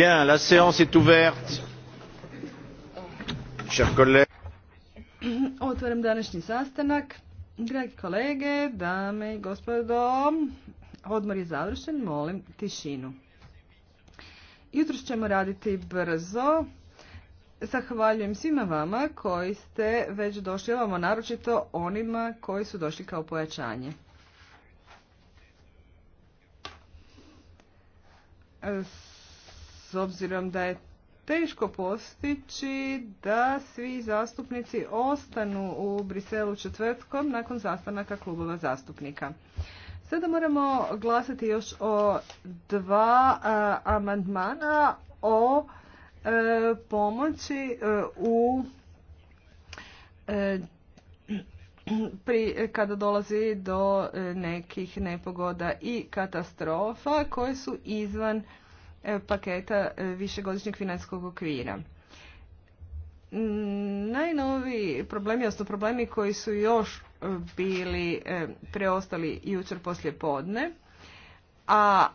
Bien, la séance est ouverte. Otvaram današnji sastanak. Dragi kolege, dame i gospodo, odmor je završen, molim tišinu. Jutro ćemo raditi brzo. Zahvaljujem svima vama koji ste već došli ovamo, naročito onima koji su došli kao pojačanje s obzirom da je teško postići da svi zastupnici ostanu u Briselu četvrtkom nakon zastanaka klubova zastupnika. Sada moramo glasati još o dva amandmana o e, pomoći e, u e, pri, kada dolazi do nekih nepogoda i katastrofa koje su izvan paketa e, višegodišnjeg financijskog okvira. Mm, najnoviji problemi, odnosno problemi koji su još e, bili e, preostali jučer poslje podne, a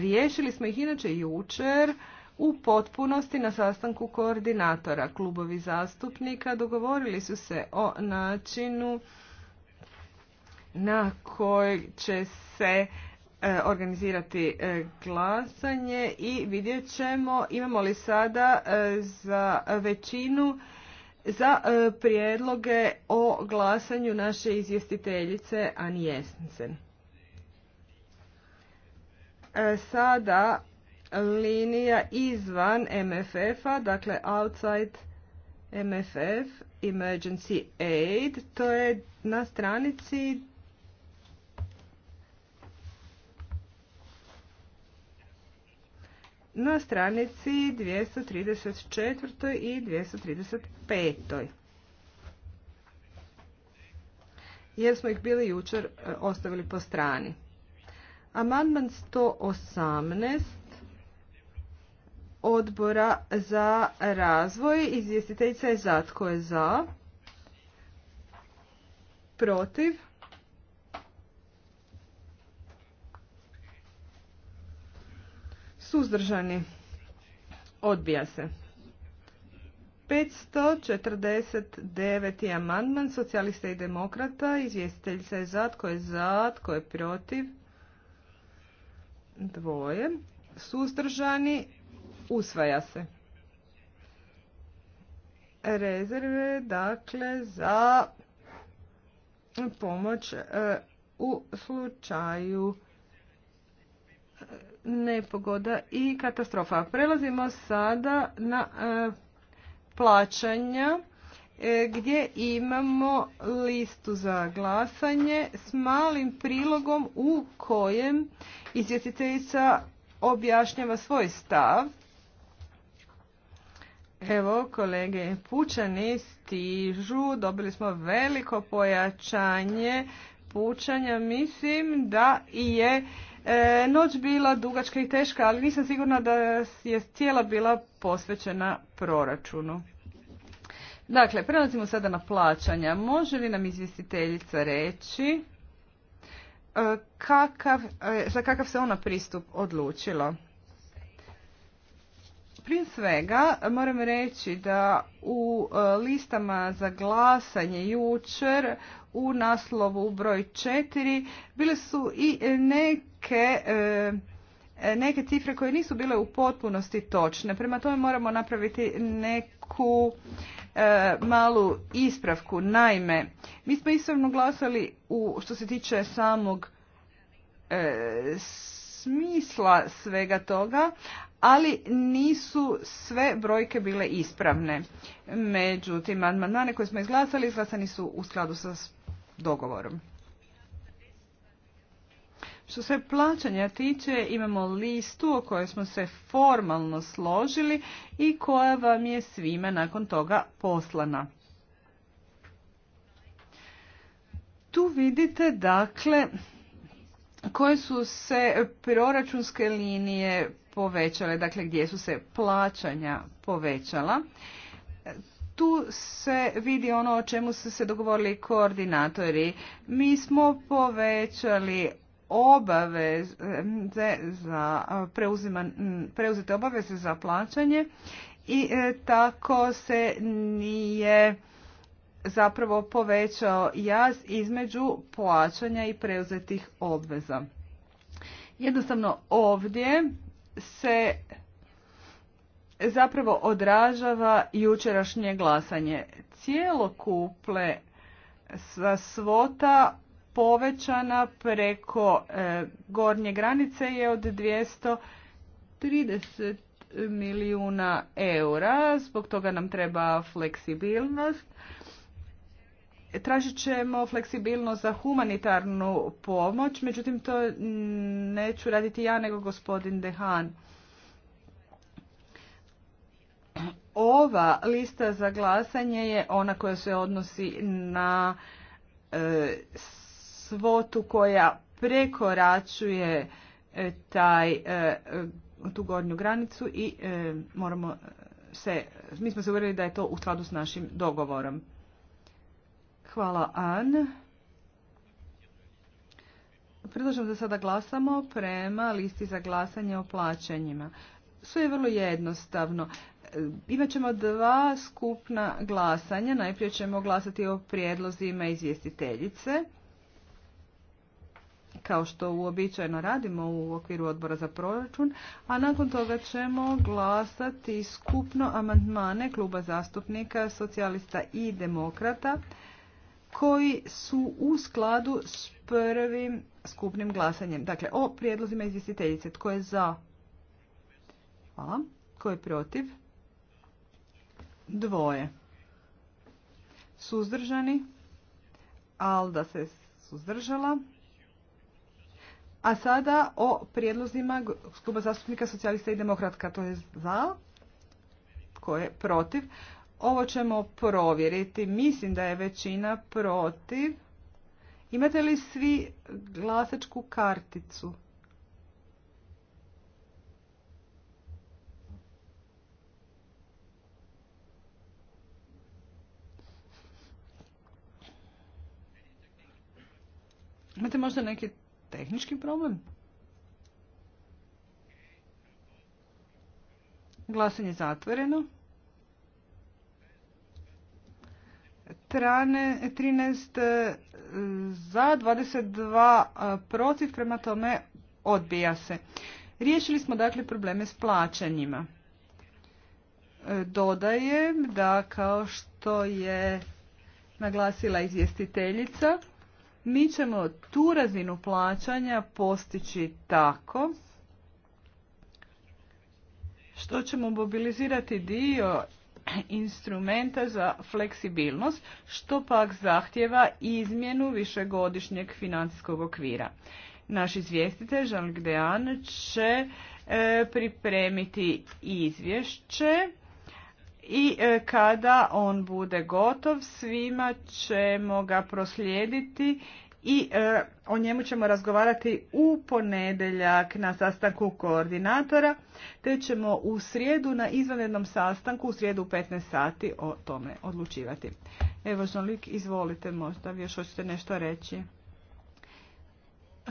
riješili smo ih inače jučer u potpunosti na sastanku koordinatora. Klubovi zastupnika dogovorili su se o načinu na koji će se E, organizirati e, glasanje i vidjet ćemo imamo li sada e, za većinu za prijedloge o glasanju naše izvjestiteljice Ani Jesnice. Sada linija izvan MFF-a, dakle outside MFF, emergency aid, to je na stranici na stranici 234. i 235. Jer smo ih bili jučer e, ostavili po strani. Amandman 118 odbora za razvoj. Izvjestiteljica je za. Tko je za? Protiv? suzdržani, odbija se. 549. amandman socijalista i demokrata. Izvjestiteljica je za, tko je za, tko je protiv. Dvoje. Suzdržani. Usvaja se. Rezerve, dakle, za pomoć e, u slučaju nepogoda i katastrofa. Prelazimo sada na e, plaćanja e, gdje imamo listu za glasanje s malim prilogom u kojem izvjestiteljica objašnjava svoj stav. Evo, kolege pučani stižu, dobili smo veliko pojačanje pučanja. Mislim da je E, noć bila dugačka i teška, ali nisam sigurna da je cijela bila posvećena proračunu. Dakle, prelazimo sada na plaćanja. Može li nam izvjestiteljica reći e, kakav, e, za kakav se ona pristup odlučila? Prije svega moram reći da u listama za glasanje jučer u naslovu broj 4 bile su i neke neke e, neke cifre koje nisu bile u potpunosti točne. Prema tome moramo napraviti neku e, malu ispravku. Naime, mi smo ispravno glasali u što se tiče samog e, smisla svega toga, ali nisu sve brojke bile ispravne. Međutim, amandmane koje smo izglasali izglasani su u skladu sa dogovorom. Što se plaćanja tiče, imamo listu o kojoj smo se formalno složili i koja vam je svima nakon toga poslana. Tu vidite dakle koje su se proračunske linije povećale, dakle gdje su se plaćanja povećala. Tu se vidi ono o čemu su se dogovorili koordinatori. Mi smo povećali obaveze za preuzete obaveze za plaćanje i e, tako se nije zapravo povećao jaz između plaćanja i preuzetih obveza. Jednostavno ovdje se zapravo odražava jučerašnje glasanje. Cijelo kuple svota povećana preko e, gornje granice je od 230 milijuna eura. Zbog toga nam treba fleksibilnost. Tražit ćemo fleksibilnost za humanitarnu pomoć, međutim to neću raditi ja nego gospodin Dehan. Ova lista za glasanje je ona koja se odnosi na e, svotu koja prekoračuje e, taj, e, tu gornju granicu i e, moramo se, mi smo se uvjerili da je to u skladu s našim dogovorom. Hvala An. Predlažem da sada glasamo prema listi za glasanje o plaćanjima. Sve je vrlo jednostavno. Imat ćemo dva skupna glasanja. Najprije ćemo glasati o prijedlozima izvjestiteljice kao što uobičajeno radimo u okviru odbora za proračun, a nakon toga ćemo glasati skupno amandmane kluba zastupnika socijalista i demokrata koji su u skladu s prvim skupnim glasanjem. Dakle, o prijedlozima izvjestiteljice. Tko je za? Hvala. Tko je protiv? Dvoje. Suzdržani? Alda se suzdržala. A sada o prijedlozima Kluba zastupnika socijalista i demokratka. To je za, tko je protiv. Ovo ćemo provjeriti. Mislim da je većina protiv. Imate li svi glasačku karticu? Imate možda neki tehnički problem? Glasanje zatvoreno. Trane 13 e, za, 22 e, protiv, prema tome odbija se. Riješili smo dakle probleme s plaćanjima. E, dodajem da kao što je naglasila izvjestiteljica, mi ćemo tu razinu plaćanja postići tako što ćemo mobilizirati dio instrumenta za fleksibilnost, što pak zahtjeva izmjenu višegodišnjeg financijskog okvira. Naš izvjestitelj, Jean će e, pripremiti izvješće i e, kada on bude gotov svima ćemo ga proslijediti i e, o njemu ćemo razgovarati u ponedjeljak na sastanku koordinatora te ćemo u srijedu na izvanrednom sastanku u srijedu u 15 sati o tome odlučivati. Evo Žonlik, izvolite možda, vi još hoćete nešto reći.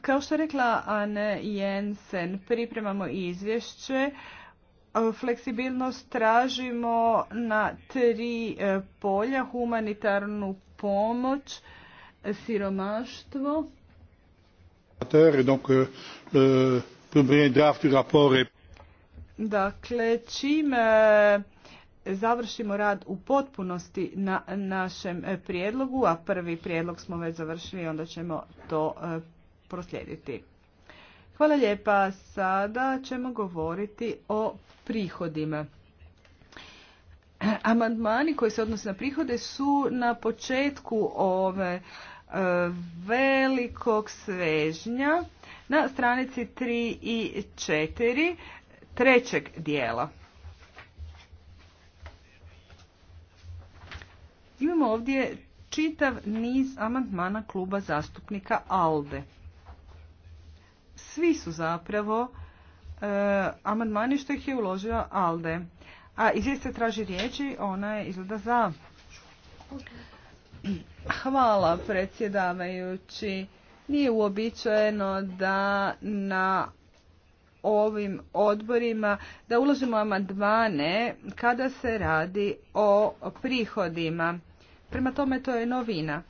Kao što je rekla Anne Jensen, pripremamo izvješće fleksibilnost tražimo na tri e, polja, humanitarnu pomoć, siromaštvo. Euh, dakle, čim e, završimo rad u potpunosti na našem e, prijedlogu, a prvi prijedlog smo već završili, onda ćemo to proslijediti. Hvala lijepa. Sada ćemo govoriti o prihodima. Amandmani koji se odnose na prihode su na početku ove e, velikog svežnja na stranici 3 i 4 trećeg dijela. Imamo ovdje čitav niz amandmana kluba zastupnika ALDE svi su zapravo e, amandmani što ih je uložio Alde. A izvijeste traži riječi, ona je izgleda za. Hvala predsjedavajući. Nije uobičajeno da na ovim odborima da uložimo amandmane kada se radi o prihodima. Prema tome to je novina.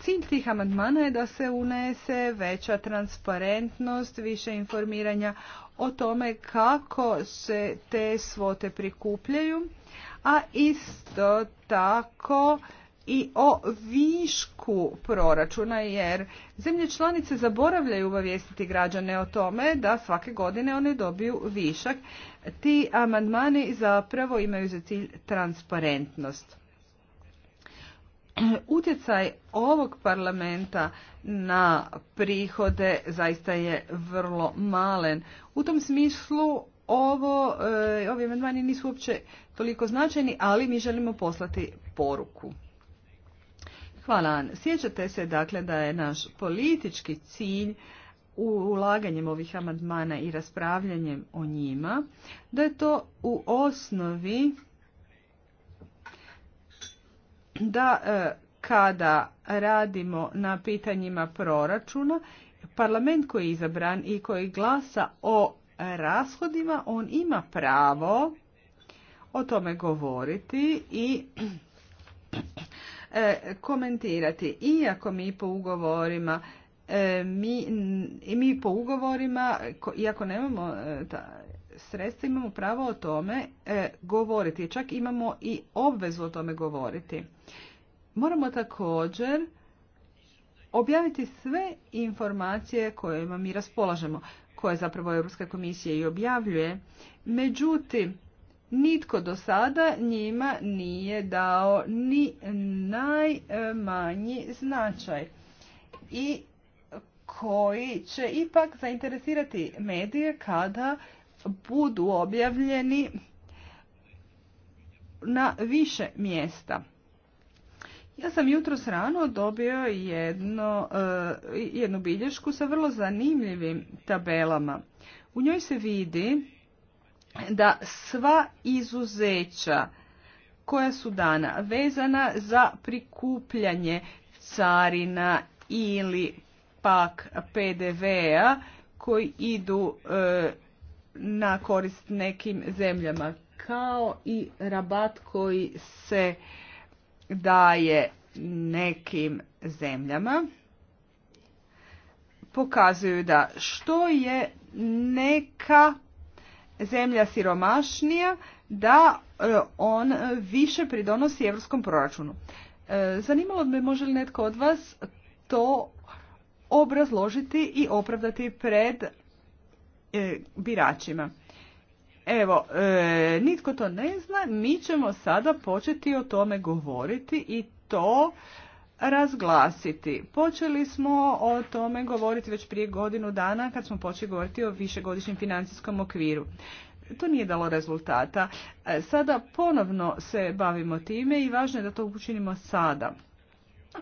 Cilj tih amandmana je da se unese veća transparentnost, više informiranja o tome kako se te svote prikupljaju, a isto tako i o višku proračuna jer zemlje članice zaboravljaju obavijestiti građane o tome da svake godine one dobiju višak. Ti amandmani zapravo imaju za cilj transparentnost. Utjecaj ovog parlamenta na prihode zaista je vrlo malen. U tom smislu ovo, e, ovi amandmani nisu uopće toliko značajni, ali mi želimo poslati poruku. Hvala. Sjećate se dakle da je naš politički cilj u ulaganjem ovih amandmana i raspravljanjem o njima, da je to u osnovi da e, kada radimo na pitanjima proračuna, parlament koji je izabran i koji glasa o rashodima, on ima pravo o tome govoriti i e, komentirati. Iako mi po ugovorima e, mi, mi po ugovorima, iako nemamo ta, sredstva imamo pravo o tome e, govoriti. Čak imamo i obvezu o tome govoriti. Moramo također objaviti sve informacije kojima mi raspolažemo, koje zapravo Europska komisija i objavljuje. Međutim, nitko do sada njima nije dao ni najmanji značaj i koji će ipak zainteresirati medije kada budu objavljeni na više mjesta. Ja sam jutros rano dobio jedno, eh, jednu bilješku sa vrlo zanimljivim tabelama. U njoj se vidi da sva izuzeća koja su dana vezana za prikupljanje carina ili pak PDV-a koji idu eh, na korist nekim zemljama, kao i rabat koji se daje nekim zemljama pokazuju da što je neka zemlja siromašnija, da e, on više pridonosi europskom proračunu. E, zanimalo bi me može li netko od vas to obrazložiti i opravdati pred E, biračima. Evo, e, nitko to ne zna, mi ćemo sada početi o tome govoriti i to razglasiti. Počeli smo o tome govoriti već prije godinu dana kad smo počeli govoriti o višegodišnjem financijskom okviru. To nije dalo rezultata. E, sada ponovno se bavimo time i važno je da to učinimo sada.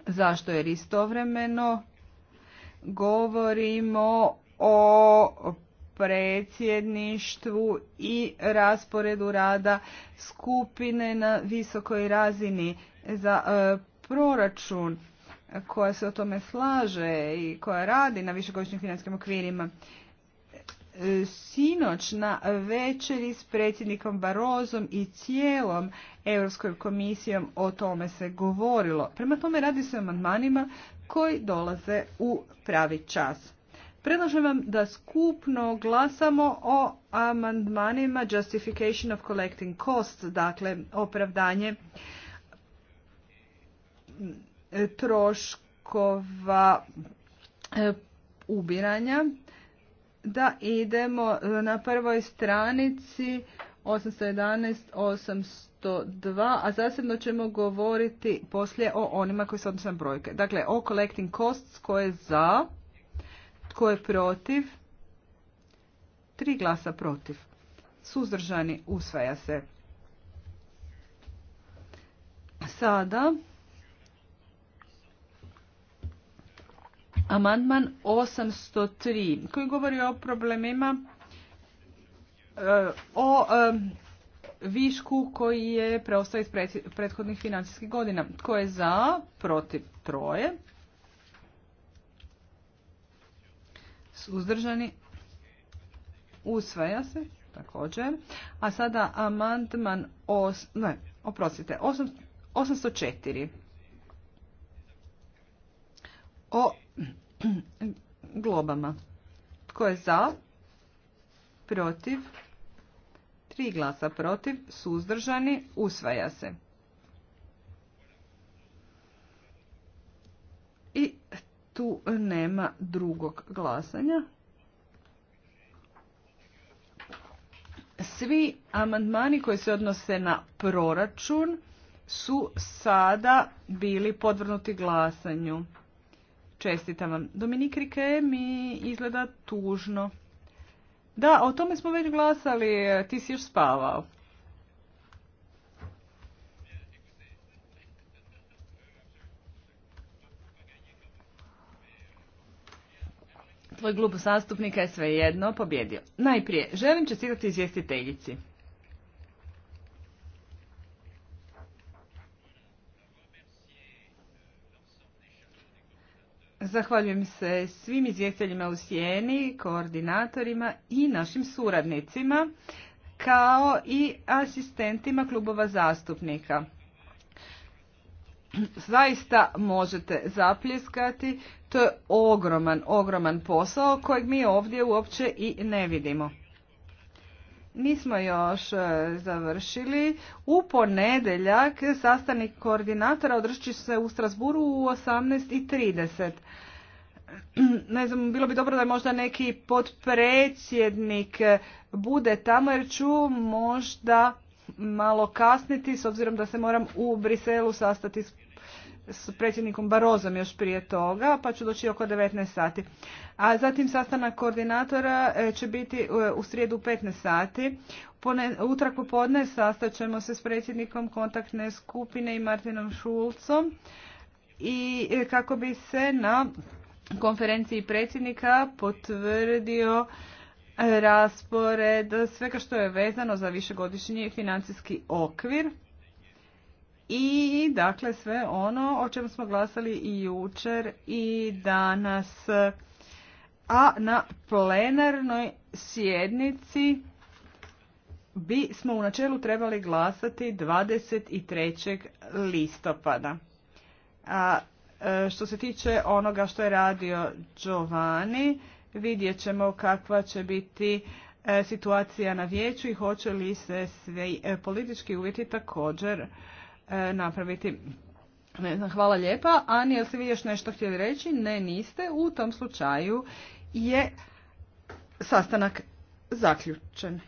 Zašto? Jer istovremeno govorimo o predsjedništvu i rasporedu rada skupine na visokoj razini za e, proračun koja se o tome slaže i koja radi na višegodišnjim financijskim okvirima. E, sinoć na večeri s predsjednikom Barozom i cijelom Europskom komisijom o tome se govorilo. Prema tome radi se o amandmanima koji dolaze u pravi čas. Predlažem vam da skupno glasamo o amandmanima Justification of Collecting Costs, dakle opravdanje troškova e, ubiranja. Da idemo na prvoj stranici 811, 802, a zasebno ćemo govoriti poslije o onima koji se odnose na brojke. Dakle, o collecting costs koje za, tko je protiv? Tri glasa protiv. Suzdržani usvaja se. Sada amandman 803 koji govori o problemima e, o e, višku koji je preostao iz prethodnih financijskih godina. Tko je za? Protiv troje. Suzdržani? Usvaja se također. A sada amandman os, ne, oprostite, 804. O globama. Tko je za? Protiv? Tri glasa protiv. Suzdržani? Usvaja se. tu nema drugog glasanja. Svi amandmani koji se odnose na proračun su sada bili podvrnuti glasanju. Čestitam vam. Dominik Rike mi izgleda tužno. Da, o tome smo već glasali, ti si još spavao. tvoj klub zastupnika je svejedno pobjedio. Najprije, želim čestitati izvjestiteljici. Zahvaljujem se svim izvjestiteljima u Sjeni, koordinatorima i našim suradnicima, kao i asistentima klubova zastupnika zaista možete zapljeskati. To je ogroman, ogroman posao kojeg mi ovdje uopće i ne vidimo. Nismo još e, završili. U ponedeljak sastanik koordinatora održit se u Strasburu u 18.30. Ne znam, bilo bi dobro da možda neki potpredsjednik e, bude tamo jer ću možda malo kasniti s obzirom da se moram u Briselu sastati s s predsjednikom Barozom još prije toga, pa ću doći oko 19 sati. A zatim sastanak koordinatora e, će biti e, u srijedu 15 sati. Utrak popodne sastat ćemo se s predsjednikom kontaktne skupine i Martinom Šulcom i e, kako bi se na konferenciji predsjednika potvrdio raspored svega što je vezano za višegodišnji financijski okvir i dakle sve ono o čem smo glasali i jučer i danas. A na plenarnoj sjednici bi smo u načelu trebali glasati 23. listopada. A e, što se tiče onoga što je radio Giovanni, vidjet ćemo kakva će biti e, situacija na vijeću i hoće li se svi e, politički uvjeti također E, napraviti. Ne znam, hvala lijepa. Ani, jel ste vi još nešto htjeli reći? Ne, niste. U tom slučaju je sastanak zaključen.